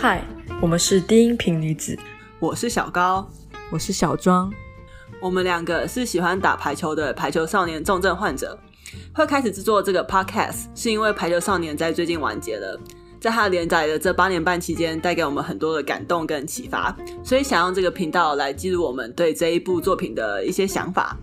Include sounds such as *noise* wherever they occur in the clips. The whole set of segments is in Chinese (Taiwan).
嗨，我們是低音頻女子，我是小高，我是小莊，我們兩個是喜歡打排球的排球少年重症患者。會開始制作這個 podcast 是因為《排球少年》在最近完結了，在他連載的這八年半期間，帶給我們很多的感動跟啟發，所以想用這個頻道來記錄我們對這一部作品的一些想法。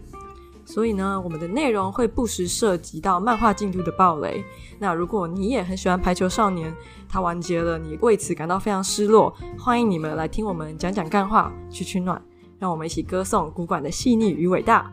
所以呢，我們的內容會不時涉及到漫畫進度的暴雷。那如果你也很喜歡《排球少年》，他完結了，你為此感到非常失落，歡迎你們來聽我們講講乾話，去取暖，讓我們一起歌頌古館的細膩與偉大。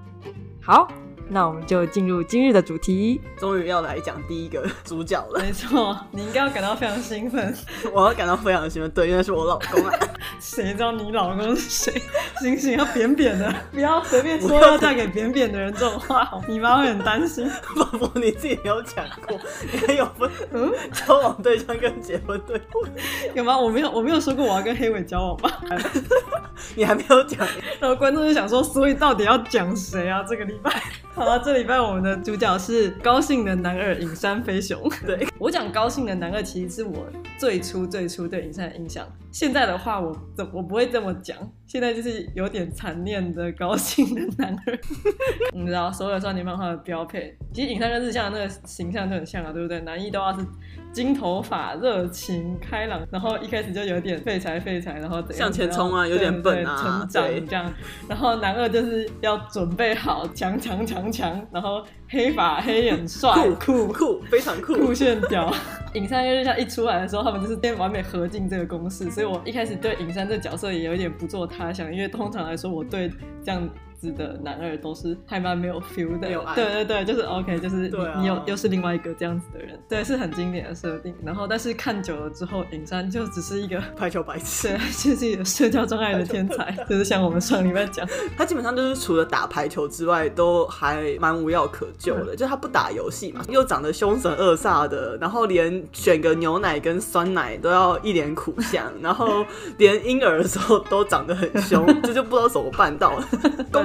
好。那我們就進入今日的主題，終於要來講第一個主角了。沒錯，你應該要感到非常興奮。 *laughs* 我要感到非常興奮，對，因為是我老公啊。 *laughs* 誰知道你老公是誰？醒 *laughs* 醒，要扁扁的，不要隨便說要嫁給扁扁的人這種話， *laughs* 你媽會很擔心。仿佛你自己沒有講過，你 *laughs* 還有分不 *laughs* 嗯交往對象跟結婚對象 *laughs* 有嗎？我沒有，我沒有說過我要跟黑尾交往吧？ *laughs* *laughs* 你還沒有講。然後觀眾就想說，所以到底要講誰啊？這個禮拜？ *laughs* 好、啊，這禮拜我們的主角是高興的男二影山飛雄，對。我講高興的男二，其實是我最初最初對影山的印象。現在的話，我怎我不會這麼講。現在就是有點殘念的高興的男二 *laughs* *laughs* 你知道，所有少年漫畫的標配。其實影山跟日向那個形象就很像啊，對不對？男一的話是金頭髮、熱情開朗，然後一開始就有點廢柴廢柴，然後怎樣？向前衝啊，有點笨、啊、對對對成長這樣。然後男二就是要準備好強強強強，然後黑髮黑眼帥酷酷酷，酷，非常酷酷炫。有 *laughs* 影山因為他一出來的時候，他們就是先完美合進這個公式，所以我一開始對影山這角色也有一點不做他想，因為通常來說我對這樣。的男二都是還蠻沒有 feel 的，對對對，就是 OK，就是你，你有又是另外一個這樣子的人，對，是很經典的設定。然後，但是看久了之後，影山就只是一個排球白痴，其實也是一個社交障礙的天才。就是像我們上禮拜講，他基本上就是除了打排球之外，都還蠻無藥可救的。就他不打遊戲嘛，又長得凶神惡煞的，然後連選個牛奶跟酸奶都要一臉苦相，然後連嬰兒的時候都長得很凶，這就不知道怎麼辦到了。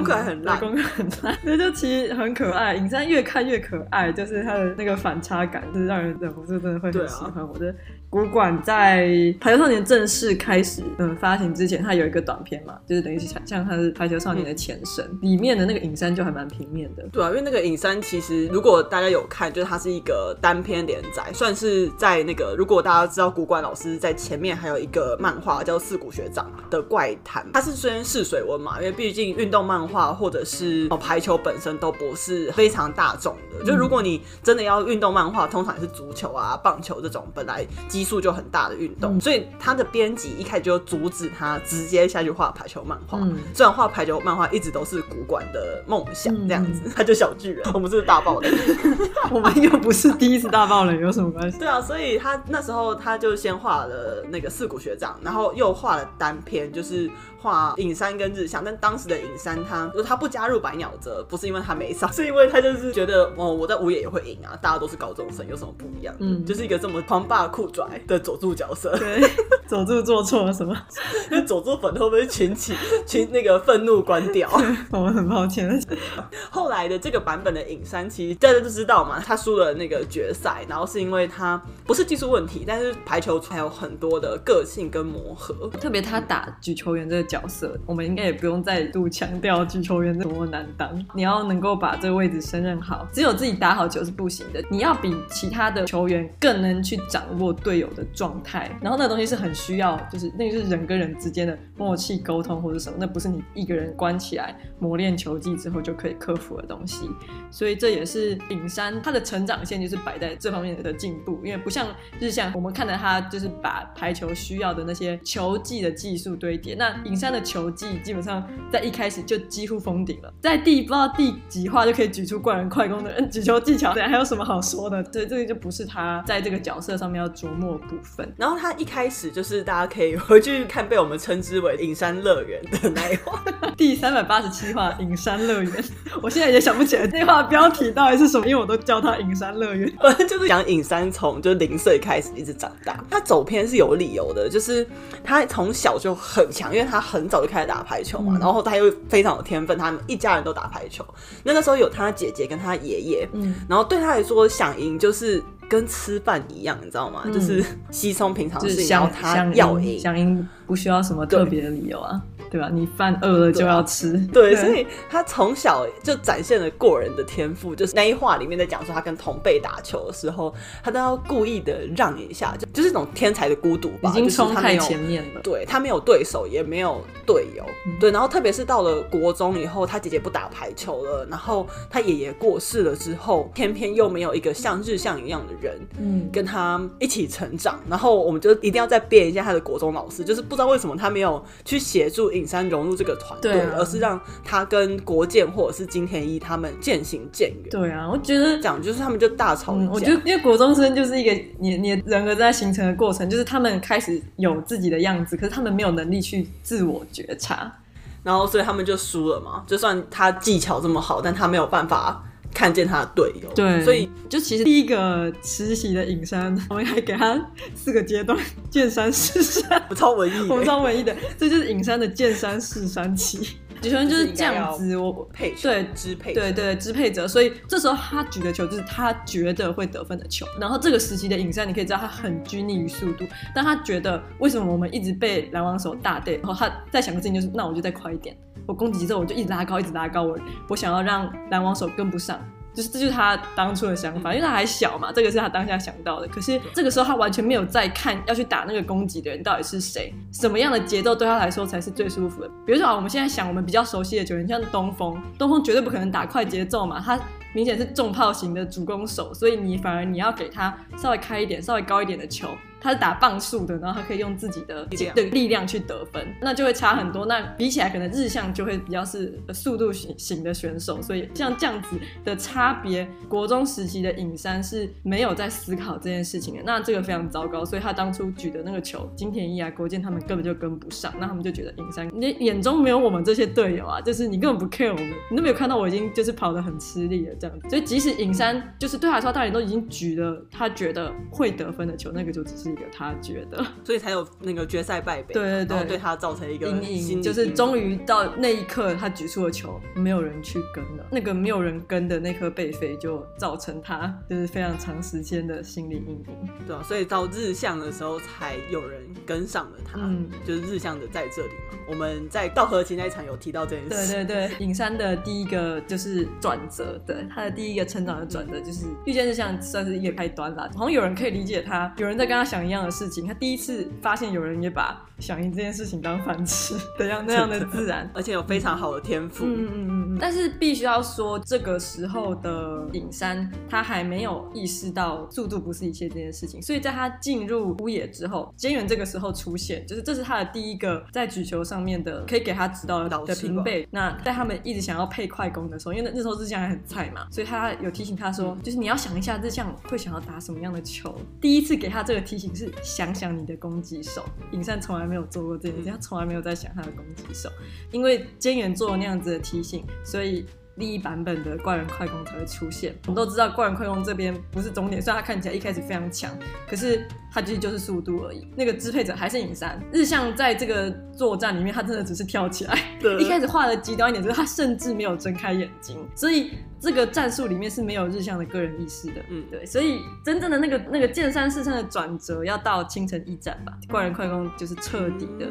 老公很辣，對， *laughs* 就其實很可愛，影 *laughs* 山越看越可愛，就是他的那個反差感，就是讓人忍不住真的會很喜歡、啊、我覺得。古館在《排球少年》正式開始嗯發行之前，他有一個短篇嘛，就是等於是像，像他是《排球少年》的前身，嗯，裡面的那個影山就還蠻平面的。對啊，因為那個影山其實如果大家有看，就是它是一個單篇連載，算是在那個，如果大家知道古館老師在前面還有一個漫畫叫《四谷學長》的怪談，它是雖然試水溫嘛，因為畢竟運動漫畫或者是排球本身都不是非常大眾的、嗯。就如果你真的要運動漫畫，通常也是足球啊、棒球這種本來，基數就很大的運動，嗯，所以他的編輯一開始就阻止他直接下去畫排球漫畫，嗯。雖然畫排球漫畫一直都是古館的夢想，這樣子，嗯、他就小巨人，我們是，是大爆雷、嗯、 *laughs* 我們又不是第一次大爆雷，有什麼關係？ *laughs* 對啊，所以他那時候他就先畫了那個四谷學長，然後又畫了單篇，就是畫影山跟日向。但當時的影山他，他就是他不加入白鳥澤，不是因為他沒上，是因為他就是覺得哦，我在烏野也會贏啊，大家都是高中生，有什麼不一樣？嗯，就是一個這麼狂霸的酷拽。的佐助角色，對，佐助做錯了什麼？那佐助粉會不會群起群那個憤怒關掉？ *laughs* 我們很抱歉。 *laughs* 後來的這個版本的影山，其實大家都知道嘛，他輸了那個決賽，然後是因為他不是技術問題，但是排球還有很多的個性跟磨合，特別他打舉球員這個角色，我們應該也不用再度強調舉球員多麼難當。你要能夠把這個位置勝任好，只有自己打好球是不行的，你要比其他的球員更能去掌握對。有的狀態，然後那個東西是很需要，就是那個是人跟人之間的默契溝通或者什麼，那不是你一個人關起來磨練球技之後就可以克服的東西。所以這也是影山他的成長線就是擺在這方面的進步，因為不像日向，就是、像我們看到他就是把排球需要的那些球技的技術堆疊。那影山的球技基本上在一開始就幾乎封頂了，在第不知道第幾話就可以舉出怪人快攻的人舉球技巧，那還有什麼好說的？所以這個就不是他在這個角色上面要琢磨部分，然後他一開始就是大家可以回去看被我們稱之為“影山樂園”的那一話， *laughs* 第三百八十七話“影山樂園。” *laughs* 我現在也想不起來那話標題到底是什麼，因為我都叫他影樂園、“影山樂園”。反正就是講影山從就零歲開始一直長大，他走偏是有理由的，就是他從小就很強，因為他很早就開始打排球嘛，嗯、然後他又非常有天分，他們一家人都打排球，那個時候有他的姐姐跟他爺爺，嗯，然後對他來說，想贏就是。跟吃飯一樣，你知道嗎？嗯、就是稀鬆平常是，事，要他要贏。不需要什麼特別的理由啊，對，對吧？你飯餓了就要吃。對，對對，所以他從小就展現了過人的天賦。就是那一話裡面在講說，他跟同輩打球的時候，他都要故意的讓你一下，就就是一種天才的孤獨吧。已經衝太前面了、就是。對，他沒有對手，也沒有隊友、嗯。對，然後特別是到了國中以後，他姐姐不打排球了，然後他爺爺過世了之後，偏偏又沒有一個像日向一樣的人，嗯，跟他一起成長。然後我們就一定要再變一下他的國中老師，就是不。不知道為什麼他沒有去協助影山融入這個團隊，啊，而是讓他跟國見或者是金田一他們漸行漸遠。對啊，我覺得講就是他們就大吵一架，嗯、我覺得因為國中生就是一個你你的人格在形成的過程，就是他們開始有自己的樣子，可是他們沒有能力去自我覺察，然後所以他們就輸了嘛。就算他技巧這麼好，但他沒有辦法。看見他的隊友，對，所以就其實第一個實習的影山，我們還給他四個階段：見山是山，超文藝、欸，我超文藝的， *laughs* *laughs* 這就是影山的見山是山期。舉球就是這樣子我，我、就是、配對支配者，對對，對支配者，所以這時候他舉的球就是他覺得會得分的球。然後這個時期的影山，你可以知道他很拘泥於速度，但他覺得為什麼我們一直被攔網手大對，然後他在想的事情就是，那我就再快一點，我攻擊之後我就一直拉高，一直拉高，我我想要讓攔網手跟不上。就是這就是他當初的想法，因為他還小嘛，這個是他當下想到的。可是這個時候他完全沒有在看要去打那個攻擊的人到底是誰，什麼樣的節奏對他來說才是最舒服的。比如說啊，我們現在想我們比較熟悉的球員，像東峰，東峰絕對不可能打快節奏嘛，他明顯是重炮型的主攻手，所以你反而你要給他稍微開一點、稍微高一點的球。他是打棒速的，然後他可以用自己的力量,力量去得分，那就會差很多。那比起來，可能日向就會比較是速度型型的選手。所以像這樣子的差別，國中時期的影山是沒有在思考這件事情的。那這個非常糟糕，所以他當初舉的那個球，金田一啊，國見他們根本就跟不上。那他們就覺得影山你眼中沒有我們這些隊友啊，就是你根本不 care 我們，你都沒有看到我已經就是跑得很吃力了這樣子。所以即使影山就是對他來說，大家都已經舉了他覺得會得分的球，那個就只是。一個他覺得，所以才有那個決賽敗北，對對對，對他造成一個陰影音音，就是終於到那一刻，他舉出了球，沒有人去跟了。那個沒有人跟的那顆背飛，就造成他就是非常長時間的心理陰影。對啊，所以到日向的時候，才有人跟上了他，嗯，就是日向的在這裡嘛。我們在稻荷崎那一場有提到這件事，對對對，影山的第一個就是轉折，對他的第一個成長的轉折，就是遇見、嗯、日向，算是一個開端吧。好像有人可以理解他，有人在跟他想一樣的事情，他第一次發現有人也把響應這件事情當飯吃，怎樣那樣的自然， *laughs* 而且有非常好的天賦。嗯嗯嗯，嗯。但是必須要說，這個時候的影山他還沒有意識到速度不是一切這件事情，所以在他進入烏野之後，菅原這個時候出現，就是這是他的第一個在舉球上面的可以給他指導的平輩。那在他們一直想要配快攻的時候，因為那時候日向還很菜嘛，所以他有提醒他說，就是你要想一下日向會想要打什麼樣的球，第一次給他這個提醒。是想想你的攻擊手。影山從來沒有做過這件事，他從來沒有在想他的攻擊手，因為菅原做了那樣子的提醒，所以。第一版本的怪人快攻才會出現。我們都知道怪人快攻這邊不是終點，雖然它看起來一開始非常強，可是它其實就是速度而已。那個支配者還是影山，日向在這個作戰裡面，他真的只是跳起來。對。一開始畫的極端一點，就是他甚至沒有睜開眼睛，所以這個戰術裡面是沒有日向的個人意識的。嗯，對。所以真正的那個那個見山是山的轉折，要到青城一戰吧。怪人快攻就是徹底的。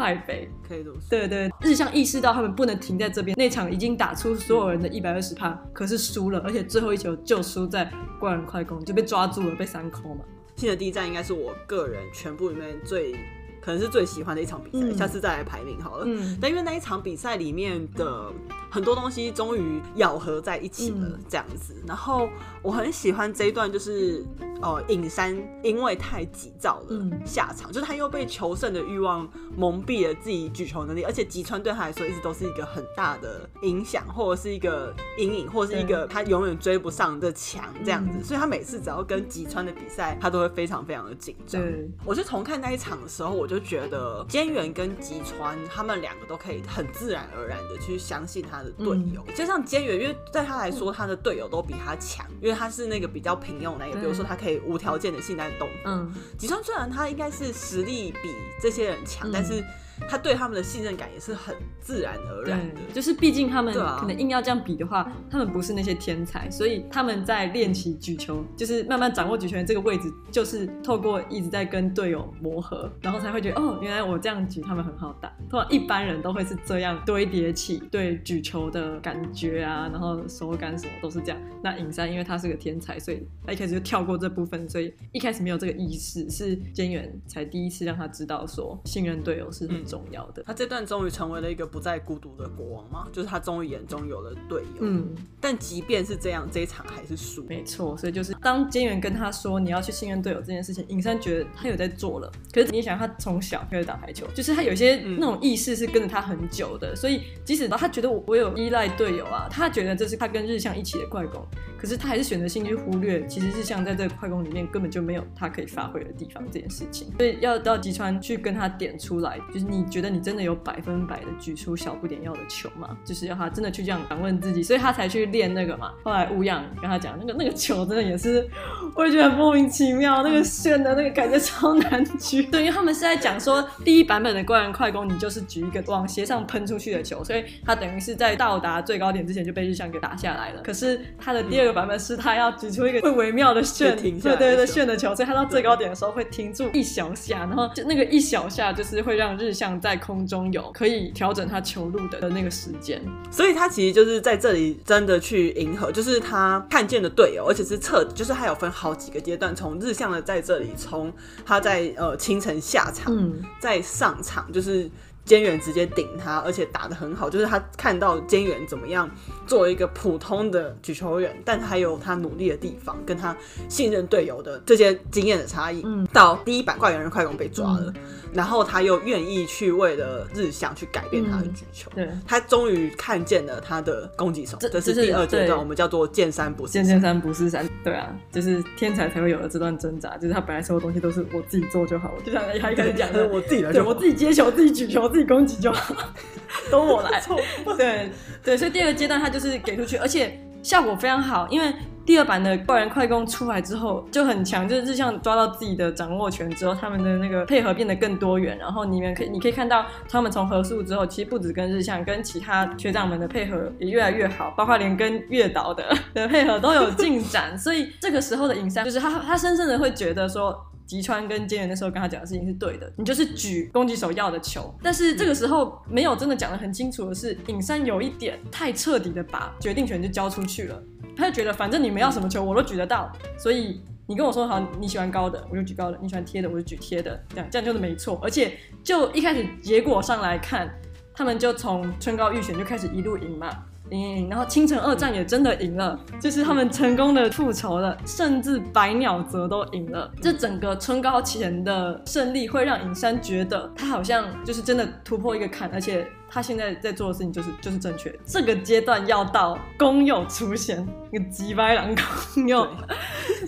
太肥，可以對，對對，日向意識到他們不能停在這邊，那場已經打出所有人的一百二十趴，可是輸了，而且最後一球就輸在怪人快攻，就被抓住了，被三扣嘛。記得第一站應該是我個人全部裡面最。可能是最喜歡的一場比賽，嗯，下次再來排名好了。嗯，但因為那一場比賽裡面的很多東西終於咬合在一起了，這樣子，嗯。然後我很喜歡這一段，就是呃，影山因為太急躁了下場，嗯，就是他又被求勝的慾望蒙蔽了自己舉球能力，而且及川對他來說一直都是一個很大的影響，或者是一個陰影，或者是一個他永遠追不上的牆這樣子，嗯。所以他每次只要跟及川的比賽，他都會非常非常的緊張，嗯。我是從看那一場的時候，我。就覺得菅原跟及川他們兩個都可以很自然而然的去相信他的隊友、嗯，就像菅原，因為對他來說，他的隊友都比他強，因為他是那個比較平庸的，也比如說他可以無條件的信賴動物。及、嗯、川雖然他應該是實力比這些人強、嗯，但是。他對他們的信任感也是很自然而然的，對就是畢竟他們可能硬要這樣比的話，啊，他們不是那些天才，所以他們在練習舉球，就是慢慢掌握舉球員這個位置，就是透過一直在跟隊友磨合，然後才會覺得哦，原來我這樣舉他們很好打。通常一般人都會是這樣堆疊起對舉球的感覺啊，然後手感什麼都是這樣。那影山因為他是個天才，所以他一開始就跳過這部分，所以一開始沒有這個意識，是菅原才第一次讓他知道說信任隊友是很。重要的，他這段終於成為了一個不再孤獨的國王嘛，就是他終於眼中有了隊友。嗯，但即便是這樣，這一場還是輸。沒錯，所以就是當菅原跟他說你要去信任隊友這件事情，影山覺得他有在做了。可是你想，他從小開始打排球，就是他有些那種意識是跟着他很久的，嗯，所以即使他覺得我我有依賴隊友啊，他覺得這是他跟日向一起的快攻，可是他還是選擇性去忽略，其實日向在這個快攻裡面根本就沒有他可以發揮的地方這件事情。所以要到及川去跟他點出來，就是你。你覺得你真的有百分百的舉出小不點要的球嗎？就是要他真的去這樣反問自己，所以他才去練那個嘛。後來烏養跟他講，那個那個球真的也是，我也覺得很莫名其妙，嗯、那個旋的那個感覺超難舉。嗯、對，等於他們是在講說，第一版本的灌籃快攻，你就是舉一個往斜上噴出去的球，所以他等於是在到達最高點之前就被日向給打下來了。可是他的第二個版本是他要舉出一個會微妙的旋，對對對旋的球，所以他到最高點的時候會停住一小下，然後就那個一小下就是會讓日向。在空中有可以調整他球路的的那個時間，所以他其實就是在這裡真的去迎合，就是他看見的隊友，而且是側，就是他有分好幾個階段，從日向的在這裡，從他在呃清晨下場、嗯，在上場，就是菅原直接頂他，而且打得很好，就是他看到菅原怎麼樣做一個普通的舉球員，但還有他努力的地方，跟他信任隊友的這些經驗的差異，到第一版怪人快攻被抓了。嗯然後他又願意去為了日向去改變他的舉球、嗯，他終於看見了他的攻擊手，這，這是第二階段，我們叫做“見山不是見，見山不是山”。對啊，就是天才才會有了這段掙扎，就是他本來所有東西都是我自己做就好，就像他一開始講的，我自己來，做 *laughs* 我自己接球、自己舉球、自己攻擊就好，都我來。做。對對，所以第二個階段他就是給出去，而且效果非常好，因為。第二版的怪人快攻出來之後就很強，就是日向抓到自己的掌握權之後，他們的那個配合變得更多元。然後你們可以，你可以看到他們從合宿之後，其實不止跟日向，跟其他學長們的配合也越來越好，包括連跟月島的的配合都有進展。 *laughs* 所以這個時候的影山，就是他他深深的會覺得說。吉川跟菅原那時候跟他講的事情是對的，你就是舉攻擊手要的球，但是這個時候沒有真的講得很清楚的是，影山有一點太徹底的把決定權就交出去了，他就覺得反正你們要什麼球我都舉得到，所以你跟我說好，你喜歡高的我就舉高的，你喜歡貼的我就舉貼的，這樣這樣就是沒錯，而且就一開始結果上來看，他們就從春高預選就開始一路贏嘛。嗯，然後青城二戰也真的贏了，就是他們成功的復仇了，甚至白鳥澤都贏了。這整個春高前的勝利會讓影山覺得他好像就是真的突破一個坎，而且。他現在在做的事情就是就是正確，這個階段要到公友出現，一個雞巴狼公友，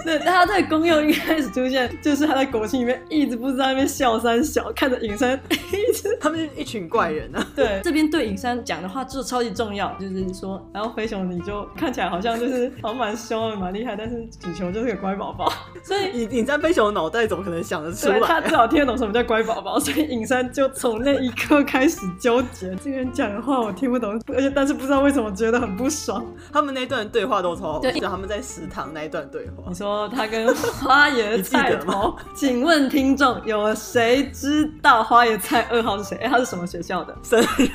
對， *laughs* 他在公友一開始出現， *laughs* 就是他在國慶裡面一直不知道那邊笑三小，看着影山一直，他們是一群怪人啊。對，嗯、這邊對影山講的話就超級重要，就是說、嗯，然後飛雄你就看起來好像就是好像蠻兇的蠻厲 *laughs* 害，但是舉球就是個乖寶寶。所以影影山飛雄的腦袋怎麼可能想得出來、啊？他至少聽得懂什麼叫乖寶寶，所以影山就從那一刻開始糾結。 *laughs* 這個人講的話我聽不懂，而且但是不知道為什麼覺得很不爽。他們那一段對話都超好，對他們在食堂那一段對話。你說他跟花椰菜 *laughs* 記得嗎？請問聽眾有誰知道花椰菜二號是誰？哎、欸，他是什麼學校的？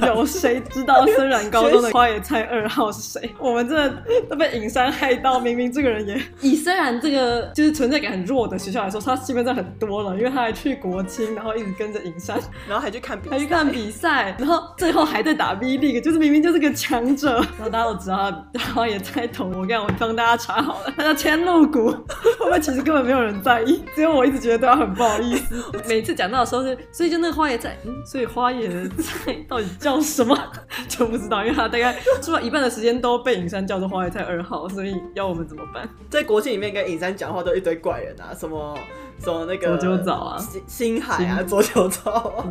有誰知道森然高中的花椰菜二號是誰？我們真的都被影山害到，明明這個人也以森然這個就是存在感很弱的學校來說，他戲份真的很多了，因為他還去國青，然後一直跟着影山，然後還去看比賽，他去看比賽，然後。最後還在打 V League 就是明明就是個強者，然後大家都知道他，花椰菜頭。我剛我幫大家查好了，他叫千露谷。 *laughs* 後面其實根本沒有人在意，只有我一直覺得對他很不好意思。 *laughs* 每次講到的時候、就是，所以就那個花椰菜。嗯，所以花椰菜到底叫什麼 *laughs* *laughs* 就不知道，因為他大概出了一半的時間都被影山叫做花椰菜二號，所以要我們怎麼辦？在國慶裡面跟影山講話都一堆怪人啊，什麼什麼那個佐久早啊、星海啊、佐久早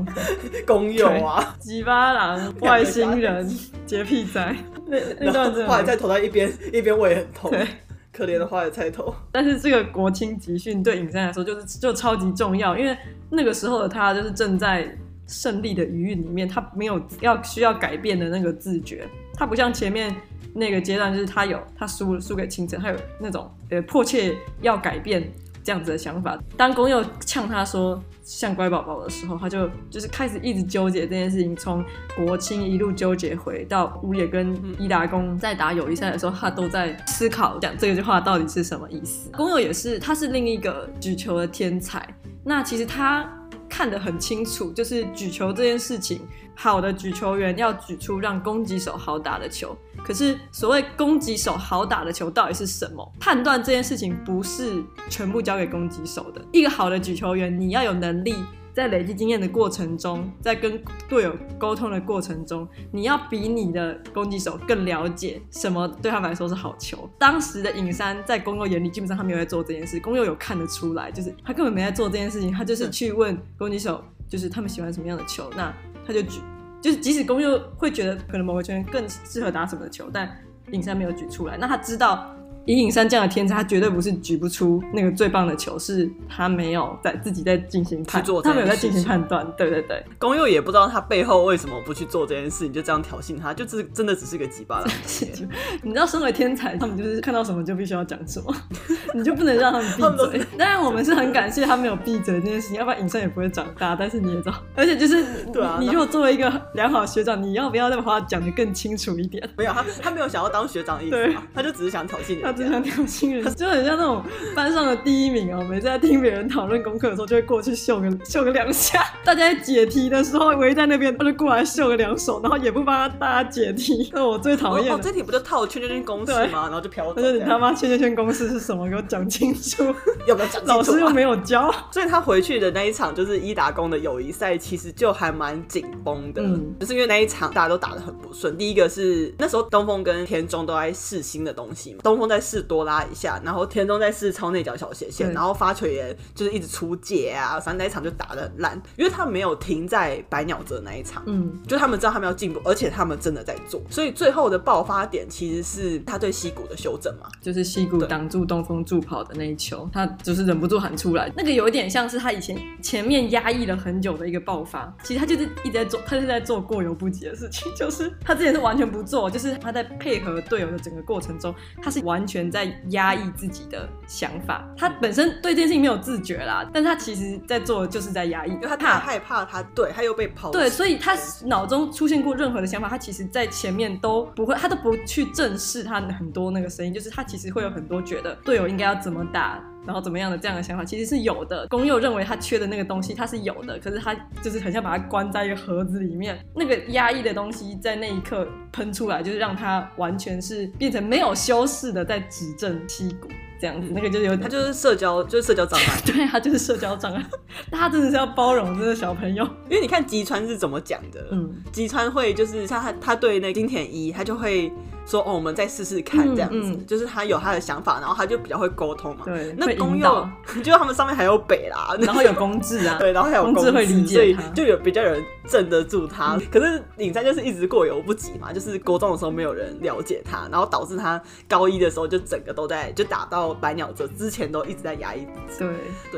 工友啊、雞巴啦。外星人潔癖仔，那那段子花椰菜頭他一邊，一邊胃很痛，對，可憐的花椰菜頭。但是這個國青集訓對影山來說就是就超級重要，因為那個時候的他就是正在勝利的餘韻裡面，他沒有要需要改變的那個自覺，他不像前面那個階段，就是他有他輸輸給青城，他有那種呃迫切要改變這樣子的想法。當宮侑嗆他說，像乖寶寶的時候，他就就是開始一直糾結這件事情，從國青一路糾結回到烏野跟伊達工、嗯、在打友誼賽的時候，他都在思考講這句話到底是什麼意思。宮侑也是，他是另一個舉球的天才。那其實他。看得很清楚，就是舉球這件事情，好的舉球員要舉出讓攻擊手好打的球。可是所謂攻擊手好打的球到底是什麼？判斷這件事情不是全部交給攻擊手的。一個好的舉球員，你要有能力，在累積經驗的過程中，在跟隊友溝通的過程中，你要比你的攻擊手更了解什麼對他們來說是好球。當時的影山在宮侑眼裡，基本上他沒有在做這件事，宮侑有,有看得出來，就是他根本沒在做這件事情，他就是去問攻擊手，就是他們喜歡什麼樣的球。那他就舉，就是即使宮侑會覺得可能某個球員更適合打什麼的球，但影山沒有舉出來，那他知道。影山這樣的天才，他絕對不是舉不出那個最棒的球，是他沒有在自己在進行判斷，他沒有在進行判斷。對對對，宮侑也不知道他背後為什麼不去做這件事。你就這樣挑釁他，就是真的只是個雞巴情。 *laughs* 你知道，身為天才，他們就是看到什麼就必須要講什麼， *laughs* 你就不能讓他們閉嘴。當然，我們是很感謝他沒有閉嘴這件事情， *laughs* 要不然影山也不會長大。但是你也知道，而且就是對、啊、你，你如果作為一個良好的學長，你要不要再把話講得更清楚一點？ *laughs* 沒有，他他沒有想要當學長的意思，他就只是想挑釁你。經常挑釁人，就很像那種班上的第一名啊。每次在聽別人討論功課的時候，就會過去秀個秀個兩下。大家在解題的時候圍在那邊，他就過來秀個兩手，然後也不幫他解題。那我最討厭、哦哦、這題不就套圈圈公式嗎？然後就飄。他說：“你他媽圈圈圈公式是什麼？給我講清楚。要不要講清楚啊”有沒有？老師又沒有教。所以他回去的那一場就是伊達工的友誼賽，其實就還蠻緊繃的。嗯，就是因為那一場大家都打得很不順。第一個是那時候東風跟田中都在試新的東西嘛，東風在。試多拉一下，然後田中在試超內角小斜線，然後發球也就是一直出界啊。反正那一場就打得很爛，因為他沒有停在白鳥澤那一場，嗯，就他們知道他們要進步，而且他們真的在做，所以最後的爆發點其實是他對西谷的修正嘛，就是西谷擋住東峰助跑的那一球，他就是忍不住喊出來，那個有點像是他以前前面壓抑了很久的一個爆發。其實他就是一直在做，他就是在做過猶不及的事情，就是他之前是完全不做，就是他在配合隊友的整個過程中，他是完全在壓抑自己的想法，他本身對這件事情沒有自覺啦，但他其實在做的就是在壓抑，因為他太害怕，怕，他對他又被拋棄，對，所以他腦中出現過任何的想法，他其實在前面都不會，他都不去正視他。很多那個聲音，就是他其實會有很多覺得隊友應該要怎麼打。然後怎麼樣的這樣的想法其實是有的。宮侑認為他缺的那個東西他是有的，可是他就是很想把它關在一個盒子裡面。那個壓抑的東西在那一刻噴出來，就是讓他完全是變成沒有消逝的，在指正踢鼓這樣子。那個就是有，他就是社交，就是社交障礙。 *laughs* 對，他就是社交障礙。他真的是要包容這、那個小朋友，因為你看吉川是怎麼講的。嗯，吉川會就是像他，他對那個金田一，他就會。說哦，我們再試試看，嗯嗯、這樣子，就是他有他的想法，然後他就比較會溝通嘛。對，那宮侑 *laughs* 就他們上面還有北啦，然後有宮治啊， *laughs* 對，然後還有宮治會理解他。對，就有比較有人鎮得住他。嗯、可是影山就是一直過猶不及嘛，就是高中的時候沒有人了解他，然後導致他高一的時候就整個都在就打到白鳥澤之前都一直在壓抑。對，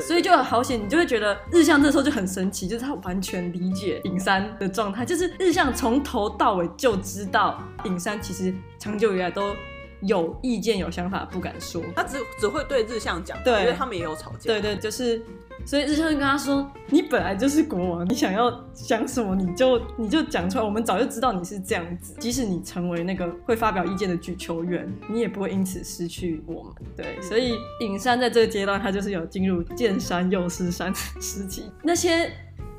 所以就很好險，你就會覺得日向這時候就很神奇，就是他完全理解影山的狀態，就是日向從頭到尾就知道影山其實。長久以來都有意見有想法不敢說，他只只會對日向講，因為他們也有吵架。對，對對，就是，所以日向就跟他說：“你本來就是國王，你想要講什麼你就你就講出來，我們早就知道你是這樣子。即使你成為那個會發表意見的舉球員，你也不會因此失去我們。”對，所以影山在這個階段，他就是有進入見山又是山的時期，那些。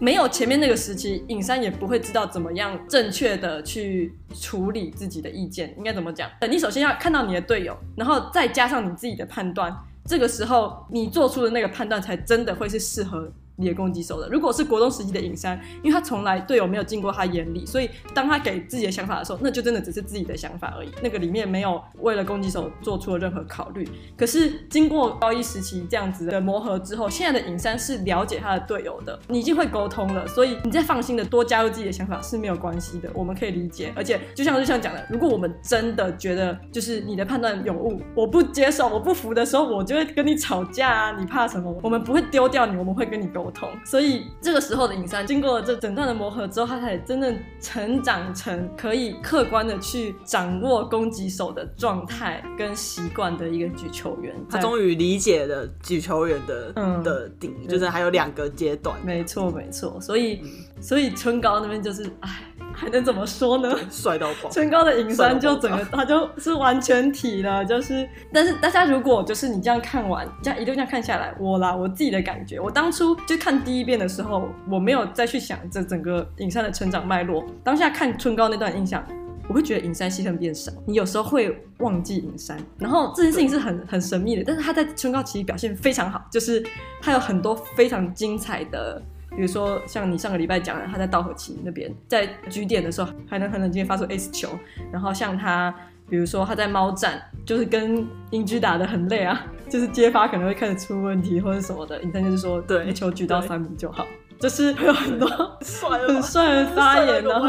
沒有前面那個時期，影山也不會知道怎麼樣正確的去處理自己的意見。應該怎麼講？你首先要看到你的隊友，然後再加上你自己的判斷，這個時候你做出的那個判斷才真的會是適合你的攻擊手的。如果是國中時期的影山，因為他從來隊友沒有進過他眼裡，所以當他給自己的想法的時候，那就真的只是自己的想法而已。那個裡面沒有為了攻擊手做出了任何考慮。可是經過高一時期這樣子的磨合之後，現在的影山是了解他的隊友的，你已經會溝通了，所以你再放心的多加入自己的想法是沒有關係的，我們可以理解。而且就像就像講的，如果我們真的覺得就是你的判斷有誤，我不接受，我不服的時候，我就會跟你吵架啊！你怕什麼？我們不會丟掉你，我們會跟你溝。同，所以這個時候的影山經過這整段的磨合之後，他才真正成長成可以客觀的去掌握攻擊手的狀態跟習慣的一個舉球員。他終於理解了舉球員的、嗯、的定義，就是還有兩個階段。沒錯，沒錯。所以，所以春高那邊就是哎還能怎麼說呢？帥到爆！春高的影山就整個它就是完全體了，就是。但是大家如果就是你這樣看完，這樣一路這樣看下來，我啦，我自己的感覺，我當初就看第一遍的時候，我沒有再去想這整個影山的成長脈絡。當下看春高那段印象，我會覺得影山戲份變少。你有時候會忘記影山，然後這件事情是很很神秘的。但是他在春高其實表現非常好，就是他有很多非常精彩的。比如說，像你上個禮拜講的，他在稻荷崎那邊在局點的時候，還能很冷靜發出 S 球。然後像他，比如說他在貓站，就是跟英居打得很累啊，就是接發可能會開始出問題或者什麼的。尹燦就是說，對，球舉到三米就好，就是會有很多很帥的發言。然後，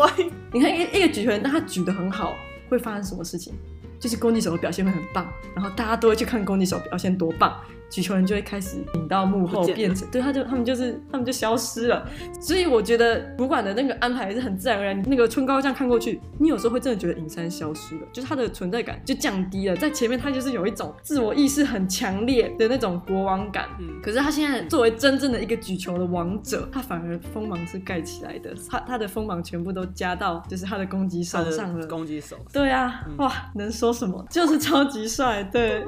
哇， *laughs* 你看一一個舉球，那他舉得很好，會發生什麼事情？就是攻擊手的表現會很棒，然後大家都會去看攻擊手表現多棒。舉球人就會開始隱到幕後，變成對他就他們就是他們就消失了。所以我覺得古舘的那個安排是很自然而然。那個春高這樣看過去，你有時候會真的覺得影山消失了，就是他的存在感就降低了。在前面他就是有一種自我意識很強烈的那種國王感，可是他現在作為真正的一個舉球的王者，他反而鋒芒是蓋起來的，他他的鋒芒全部都加到就是他的攻擊手上了，攻擊手，對啊，哇，能說什麼？就是超級帥，對，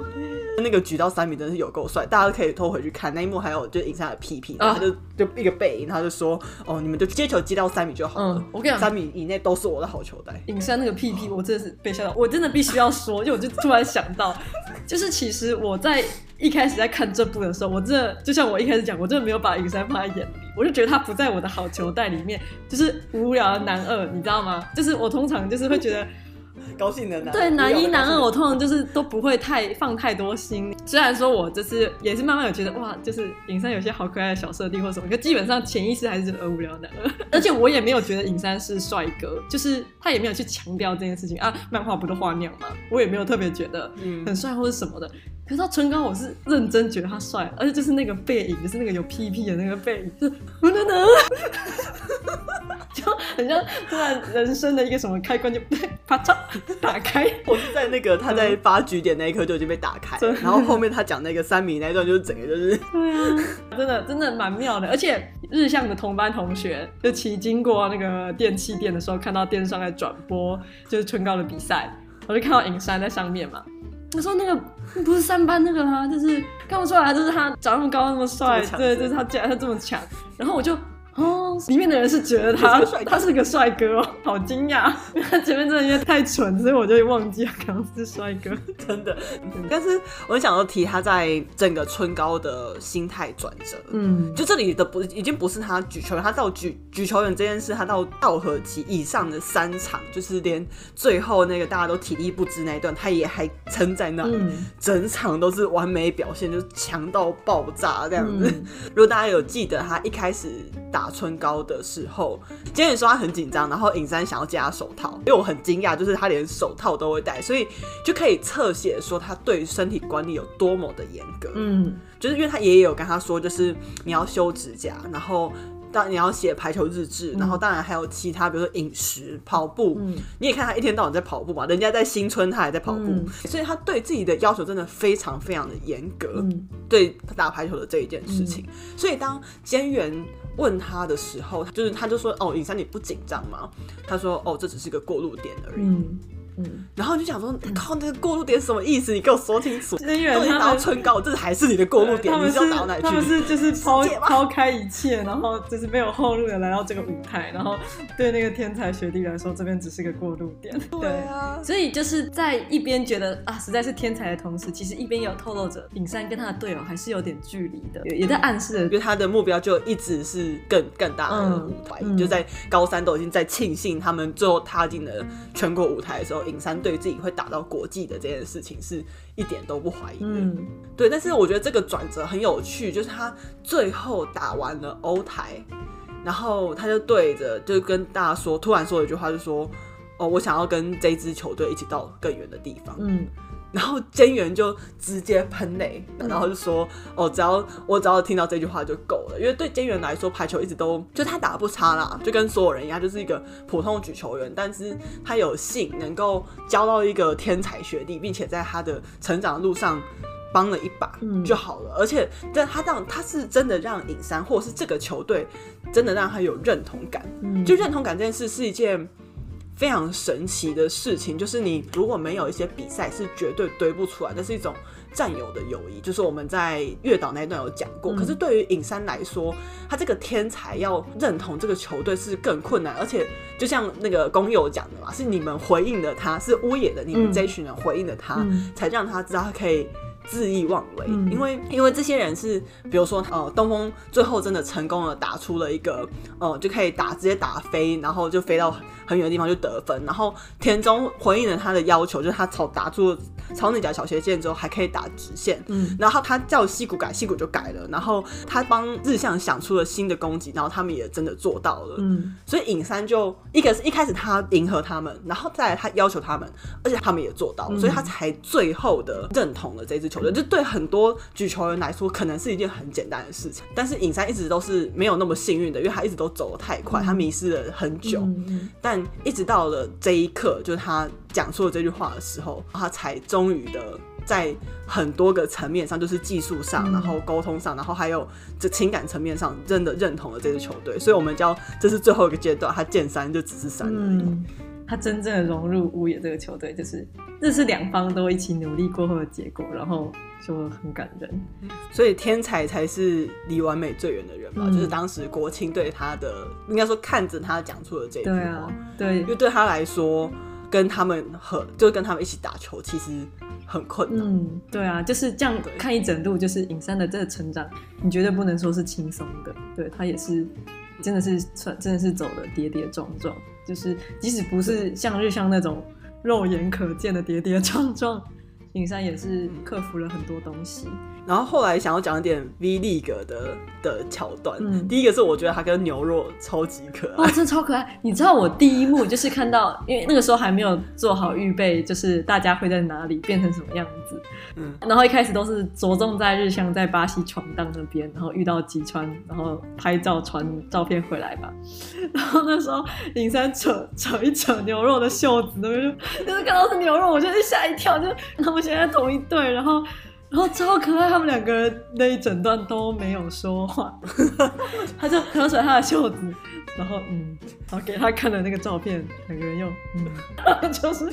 那個舉到三米真的是有夠。大家都可以偷回去看那一幕，還有就是影山的屁屁，他就、uh, 就一個背影，他就說：“哦，你們就接球接到三米就好了、uh,，OK，三米以內都是我的好球袋。”影山那個屁屁，我真的是被嚇到，oh. 我真的必須要說，就我就突然想到， *laughs* 就是其實我在一開始在看這部的時候，我真的就像我一開始講，我真的沒有把影山放在眼裡，我就覺得他不在我的好球袋裡面，就是無聊的男二， *laughs* 你知道嗎？就是我通常就是會覺得。 *laughs* 高興的男對男一男二，啊，我通常就是都不會太放太多心。 *laughs* 雖然說我就是也是慢慢有覺得哇，就是影山有些好可愛的小設定或什麼，可基本上潛意識還是二無聊男二。 *laughs* 而且我也沒有覺得影山是帥哥，就是他也沒有去強調這件事情啊。漫畫不都畫尿嗎？我也沒有特別覺得很帥或是什麼的。嗯，可是到春高，我是認真覺得他帥，而且就是那個背影，就是那個有屁屁的那個背影，就是無聊男。嗯嗯嗯 *laughs* 就很像突然人生的一個什麼開關，就啪嚓打開。我是在那個他在發局點那一刻就已經被打開， *laughs* 然後後面他講那個三米那一段，就是整個就是，對啊，真的真的蠻妙的。而且日向的同班同學就騎經過那個電器店的時候，看到電視上在轉播就是春高的比賽，我就看到影山在上面嘛。我說那個不是三班那個啦，就是看不出來，就是他長那麼高那麼帥、這個，對、就是他竟然他這麼強，然後我就。哦，裡面的人是覺得他是他是個帥哥，哦，好驚訝。 *laughs* 他前面真的因為太蠢，所以我就忘記他可能是帥哥，真的。嗯、但是我很想要提他在整個春高的心態轉折，嗯，就這裡的不已經不是他舉球，他到舉舉球人這件事，他到道和級以上的三場，就是連最後那個大家都體力不支那一段，他也還撐在那裡，嗯，整場都是完美表現，就強到爆炸這樣子，嗯。如果大家有記得他一開始。打春高的時候，菅原說他很緊張，然後影山想要借他手套，因為我很驚訝，就是他連手套都會戴，所以就可以側寫說他對身體管理有多麼的嚴格。嗯，就是因為他爺爺有跟他說，就是你要修指甲，然後當你要寫排球日誌、嗯，然後當然還有其他，比如說飲食、跑步、嗯。你也看他一天到晚在跑步嘛，人家在新春他還在跑步，嗯、所以他對自己的要求真的非常非常的嚴格。嗯，對打排球的這一件事情，嗯、所以當菅原。問他的時候，就是他就說：“哦，影山，你不緊張嗎？”他說：“哦，這只是個過路點而已。嗯”嗯，然後就想說，嗯、靠，那個過渡點什麼意思？你給我說清楚。越來越倒春高，這還是你的過渡點？你知道到哪去他，他們是就是拋拋開一切，然後就是沒有後路的來到這個舞台。然後對那個天才學弟來說，這邊只是一個過渡點對。對啊。所以就是在一邊覺得啊，實在是天才的同時，其實一邊也有透露着，影山跟他的隊友還是有點距離的，嗯、也在暗示，就他的目標就一直是更更大的舞台、嗯。就在高三都已經在慶幸他們最後踏進了全國舞台的時候。影山對自己會打到國際的這件事情是一點都不懷疑的、嗯，對。但是我覺得這個轉折很有趣，就是他最後打完了歐台，然後他就對着，就跟大家說，突然說了一句話，就說：“哦，我想要跟這支球隊一起到更遠的地方。”嗯。然後菅原就直接噴淚，然後就說：“嗯、哦，只要我只要聽到這句話就夠了，因為對菅原來說，排球一直都就他打不差啦，就跟所有人一樣，就是一個普通的舉球員。但是他有幸能夠教到一個天才學弟，並且在他的成長路上幫了一把就好了。嗯、而且，但他讓他是真的讓影山，或者是這個球隊，真的讓他有認同感、嗯。就認同感這件事是一件。”非常神奇的事情就是，你如果沒有一些比賽，是絕對堆不出來的。那是一種戰友的友誼，就是我們在月島那一段有講過、嗯。可是對於影山來說，他這個天才要認同這個球隊是更困難。而且就像那個工友講的嘛，是你們回應了他，是烏野的你們這一群人回應了他、嗯，才讓他知道他可以。恣意妄為，嗯、因為因為這些人是，比如說呃，東風最後真的成功了打出了一個，呃，就可以打直接打飛，然後就飛到很遠的地方就得分，然後田中回應了他的要求，就是他朝打出了超那角小斜線之後還可以打直線，嗯，然後他叫西谷改，西谷就改了，然後他幫日向想出了新的攻擊，然後他們也真的做到了，嗯，所以影山就一個是一開始他迎合他們，然後再來他要求他們，而且他們也做到了，嗯、所以他才最後的認同了這支球。就對很多舉球人來說，可能是一件很簡單的事情，但是影山一直都是沒有那麼幸運的，因為他一直都走得太快，他迷失了很久。嗯、但一直到了這一刻，就是他講出了這句話的時候，他才終於的在很多個層面上，就是技術上，然後溝通上，然後還有這情感層面上，真的認同了這支球隊。所以我們叫這是最後一個階段，他見山就只是山。而已。嗯。他真正的融入烏野這個球隊，就是這是兩方都一起努力過後的結果，然後就很感人。所以天才才是離完美最遠的人吧。嗯，就是當時國青對他的，應該說看着他講出了這句話。啊，對，因為對他來說跟他們和，就是跟他們一起打球其實很困難。嗯，對啊，就是這樣看一整路，就是影山的這個成長，對你絕對不能說是輕鬆的，對他也是真的是真的是走的跌跌撞撞。就是，即使不是像日向那種肉眼可見的跌跌撞撞，影山也是克服了很多東西。然後後來想要講一點 V League 的的橋段，嗯，第一個是我覺得他跟牛肉超級可愛，真、哦、的超可愛。你知道我第一幕就是看到， *laughs* 因為那個時候還沒有做好預備，就是大家會在哪裡變成什麼樣子。嗯，然後一開始都是着重在日向在巴西闖蕩那邊，然後遇到吉川，然後拍照傳照片回來吧。然後那時候影山扯扯一扯牛肉的袖子，那邊就就是看到是牛肉，我就是嚇一跳，就然後我現在同一隊，然後。然後超可愛，他們兩個人那一整段都沒有說話， *laughs* 他就扯甩他的袖子，然後嗯，然後給他看了那個照片，兩個人又嗯， *laughs* 就是。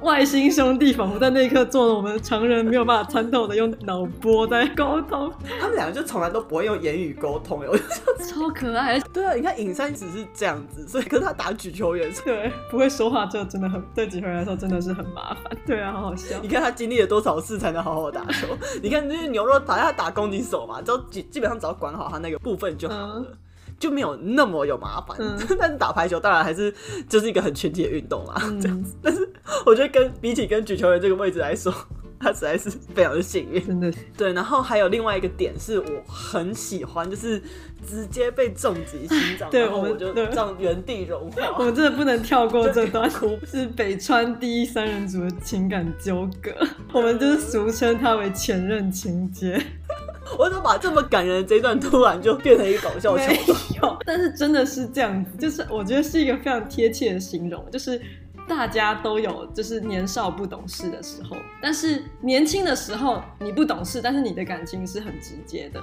外星兄弟仿佛在那一刻做了我們常人沒有辦法參透的，用腦波在溝通。 *laughs* 他們兩個就從來都不會用言語溝通，我覺得超可愛。 *laughs* 對啊，你看影山只是這樣子，所以跟他打舉球員，對，不會說話就真的很對舉球員來說真的是很麻煩。對啊，好好笑。你看他經歷了多少次才能好好打球？ *laughs* 你看就是牛肉打他打攻擊手嘛，就基基本上只要管好他那個部分就好了。嗯就沒有那麼有麻煩、嗯，但是打排球當然還是就是一個很群體的運動啦、嗯，這樣子。但是我覺得跟比起跟舉球員這個位置來說。他實在是非常幸運，真的。對，然後還有另外一個點是我很喜歡，就是直接被重擊心臟，啊，對，我們就讓原地融化。我們真的不能跳過這段，是北川第一三人組的情感糾葛。 *laughs* 我們就是俗稱他為前任情節。 *laughs* 我怎麼把這麼感人的這一段突然就變成一搞笑，笑的？沒有，但是真的是這樣子，就是我覺得是一個非常貼切的形容，就是。大家都有就是年少不懂事的時候，但是年輕的時候你不懂事，但是你的感情是很直接的。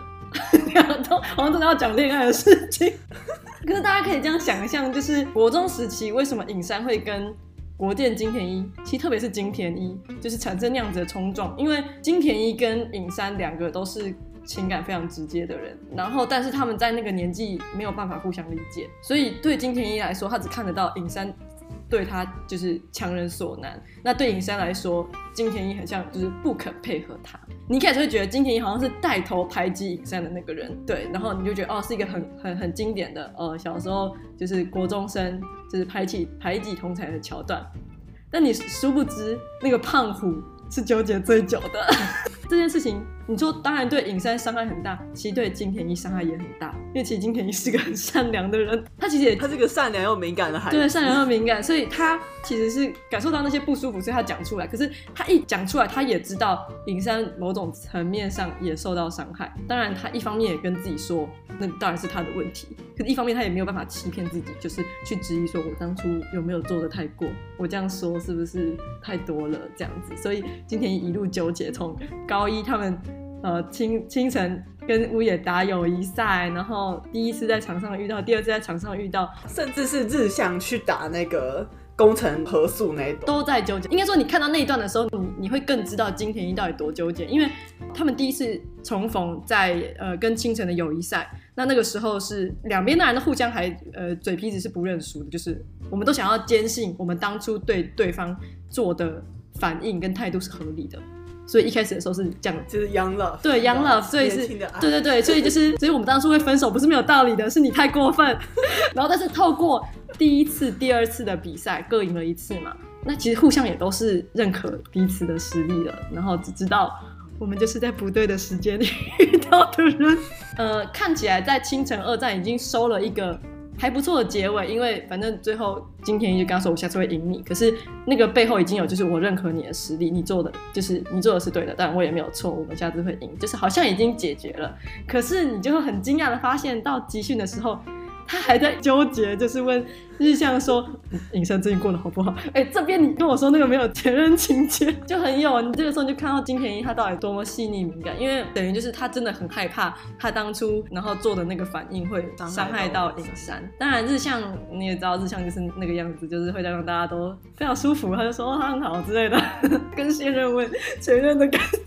然 *laughs* 後好像真的要講戀愛的事情， *laughs* 可是大家可以這樣想象，就是國中時期為什麼影山會跟國電金田一，其實特別是金田一就是產生那樣子的衝撞，因為金田一跟影山兩個都是情感非常直接的人，然後但是他們在那個年紀沒有辦法互相理解，所以對金田一來說，他只看得到影山對他就是強人所難，那對影山來說，金田一很像就是不肯配合他，你一開始會覺得金田一好像是帶頭排擠影山的那個人，對，然後你就覺得哦，是一個很很很經典的哦、呃、小時候就是國中生就是排擠排擠同儕的橋段，但你殊不知那個胖虎是糾結最久的。 *laughs* 這件事情，你說當然對影山傷害很大，其實對金田一傷害也很大，因為其實金田一是個很善良的人，他其實也他是個善良又敏感的孩子，對，善良又敏感，所以他其實是感受到那些不舒服，所以他講出來。可是他一講出來，他也知道影山某種層面上也受到傷害。當然他一方面也跟自己說，那當然是他的問題，可是一方面他也沒有辦法欺騙自己，就是去質疑說我當初有沒有做得太過，我這樣說是不是太多了這樣子。所以金田一一路糾結從。高一他們，呃，清清晨跟烏野打友誼賽，然後第一次在場上遇到，第二次在場上遇到，甚至是日向去打那個工程合宿那一段，那都都在糾結。應該說，你看到那一段的時候，你你會更知道金田一到底多糾結。因為他們第一次重逢在呃跟清晨的友誼賽，那那個時候是兩邊的人都互相還呃嘴皮子是不認輸的，就是我們都想要堅信我們當初對對方做的反應跟態度是合理的。所以一開始的時候是講，就是 young love，對 young love，所以是，對對對，對，所以就是，所以我們當時會分手不是沒有道理的，是你太過分。 *laughs* 然後但是透過第一次、第二次的比賽各贏了一次嘛，那其實互相也都是認可彼此的實力了，然後只知道我們就是在不對的時間裡 *laughs* 遇到的人。呃，看起來在青城二戰已經收了一個還不錯的結尾，因為反正最後金田一就剛說，我下次會贏你。可是那個背後已經有就是我認可你的實力，你做的就是你做的是對的，但我也沒有錯。我們下次會贏，就是好像已經解決了。可是你就會很驚訝的發現，到集訓的時候。還在糾結，就是問日向說，嗯、影山最近過得好不好？哎、欸，這邊你跟我說那個沒有前任情節， *laughs* 就很有。你這個時候你就看到金田一他到底多麼細膩敏感，因為等於就是他真的很害怕，他當初然後做的那個反應會傷害到影山。當然日向你也知道，日向就是那個樣子，就是會讓大家都非常舒服，他就說他很好之類的， *laughs* 跟現任問前任的感受。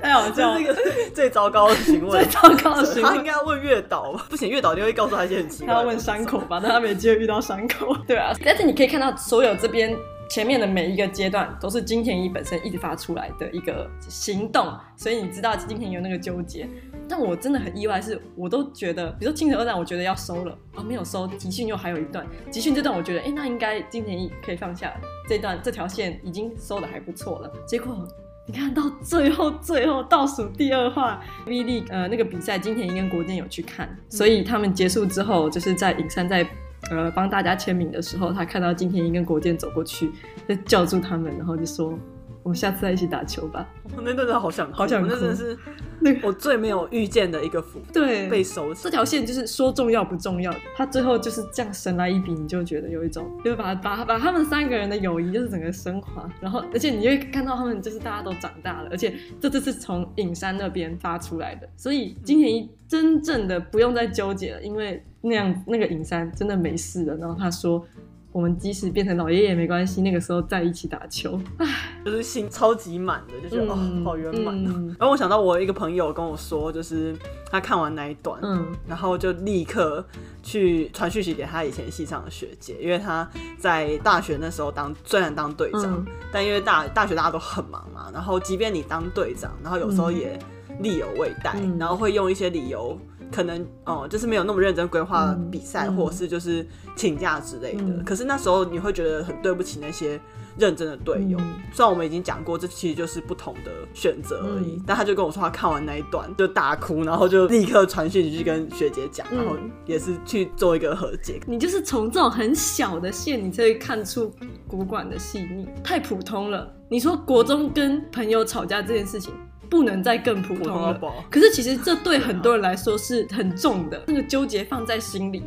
哎呀，這是個最，最糟糕的詢問，最糟糕的詢問，他應該要問月島吧？ *laughs* 不行，月島一定會告訴他一些很奇怪。 *laughs* 要問山口吧，但他沒機會遇到山口， *laughs* 對啊。但是你可以看到，所有這邊前面的每一個階段，都是金田一本身一直發出來的一個行動，所以你知道金田一有那個糾結。但我真的很意外，是我都覺得，比如說青城二段我覺得要收了啊、哦，沒有收集訓，又還有一段集訓這段，我覺得哎、欸，那應該金田一可以放下這段，這條線已經收的還不錯了，結果。你看到最後最後倒數第二話，V League，呃那個比賽，金田一跟國見有去看，嗯，所以他們結束之後，就是在影山在呃幫大家簽名的時候，他看到金田一跟國見走過去，就叫住他們，然後就說。我們下次再一起打球吧。哦、對對對，那真的好想，好想。那真是，那我最沒有遇見的一個伏， *laughs* 對，被收拾。這條線就是說重要不重要，他最後就是這樣神來一筆，你就覺得有一種，就是把把把他們三個人的友誼就是整個升華。然後，而且你會看到他們就是大家都長大了，而且這次是從影山那邊發出來的，所以金田一真正的不用再糾結了，因為那樣那個影山真的沒事了。然後他說。我們即使變成老爺爺也沒關係，那個時候在一起打球， *laughs* 就是心超級滿的，就覺得、嗯、哦，好圓滿、嗯。然後我想到我一個朋友跟我說，就是他看完那一段，嗯，然後就立刻去傳訊息給他以前系上的學姐，因為他在大學那時候當雖然當隊長、嗯，但因為大大學大家都很忙嘛，然後即便你當隊長，然後有時候也力有未逮、嗯，然後會用一些理由。可能哦、嗯，就是沒有那麼認真規劃比賽、嗯嗯，或者是就是請假之類的、嗯。可是那時候你會覺得很對不起那些認真的隊友、嗯。雖然我們已經講過，這其實就是不同的選擇而已、嗯。但他就跟我說，他看完那一段就大哭，然後就立刻傳訊息去跟學姐講，然後也是去做一個和解。你就是從這種很小的線，你可以看出古館的細膩。太普通了，你說國中跟朋友吵架這件事情。不能再更普通了。可是其實這對很多人來說是很重的， *laughs* 啊、那個糾結放在心裡，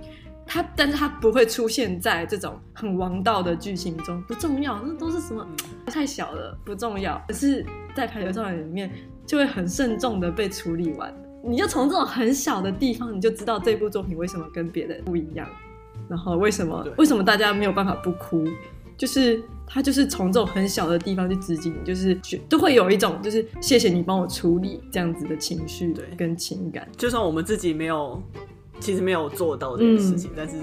它，但是它不會出現在這種很王道的劇情中，不重要，那都是什麼太小了，不重要。可是，在排球少年裡面，就會很慎重的被處理完。你就從這種很小的地方，你就知道這部作品為什麼跟別的不一樣，然後為什麼為什麼大家沒有辦法不哭。就是他，就是從這種很小的地方去直接就是學，都會有一種，就是謝謝你幫我處理這樣子的情緒，對，跟情感。就算我們自己沒有，其實沒有做到這個事情、嗯，但是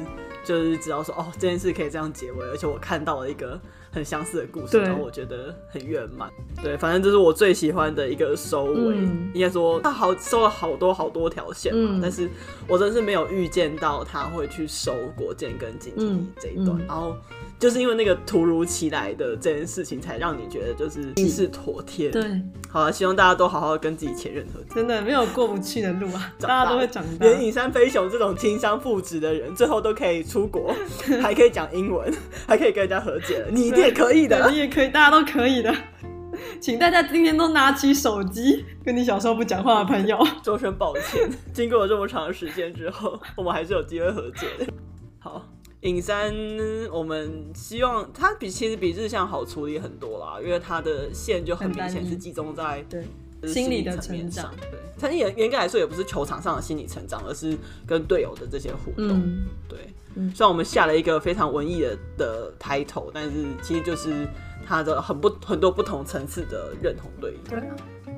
就是知道說，哦，這件事可以這樣結尾，而且我看到了一個很相似的故事，然後我覺得很圓滿。對，反正這是我最喜歡的一個收尾、嗯。應該說，他好收了好多好多條線嘛、嗯，但是我真是沒有預見到他會去收國見跟金田一這一段，嗯嗯、然後。就是因為那個突如其來的這件事情，才讓你覺得就是心事妥帖。對，好了、啊，希望大家都好好跟自己前任和解。真的沒有過不去的路啊， *laughs* 大家都會長大。連影山飛雄這種情商負值的人，最後都可以出國， *laughs* 還可以講英文，還可以跟人家和解。 *laughs* 你一定也可以的，啊，你也可以，大家都可以的。 *laughs* 請大家今天都拿起手機，跟你小時候不講話的朋友， *laughs* 周身抱歉。經過了這麼長的時間之後， *laughs* 我們還是有機會和解的。好。影山，我們希望他比其實比日向好處理很多啦，因為他的線就很明顯是集中在對心理層面上，對，其實嚴格來說也不是球場上的心理成長，而是跟隊友的這些互動，對，雖然我們下了一個非常文藝的的 title，但是其實就是他的很不很多不同層次的認同隊友，對，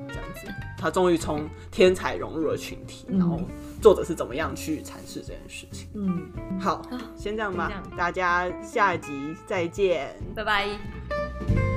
這樣子，他終於從天才融入了群體，然後，作者是怎麼樣去闡釋這件事情？嗯，好，啊、先這樣吧，大家下集再見，拜拜。Bye bye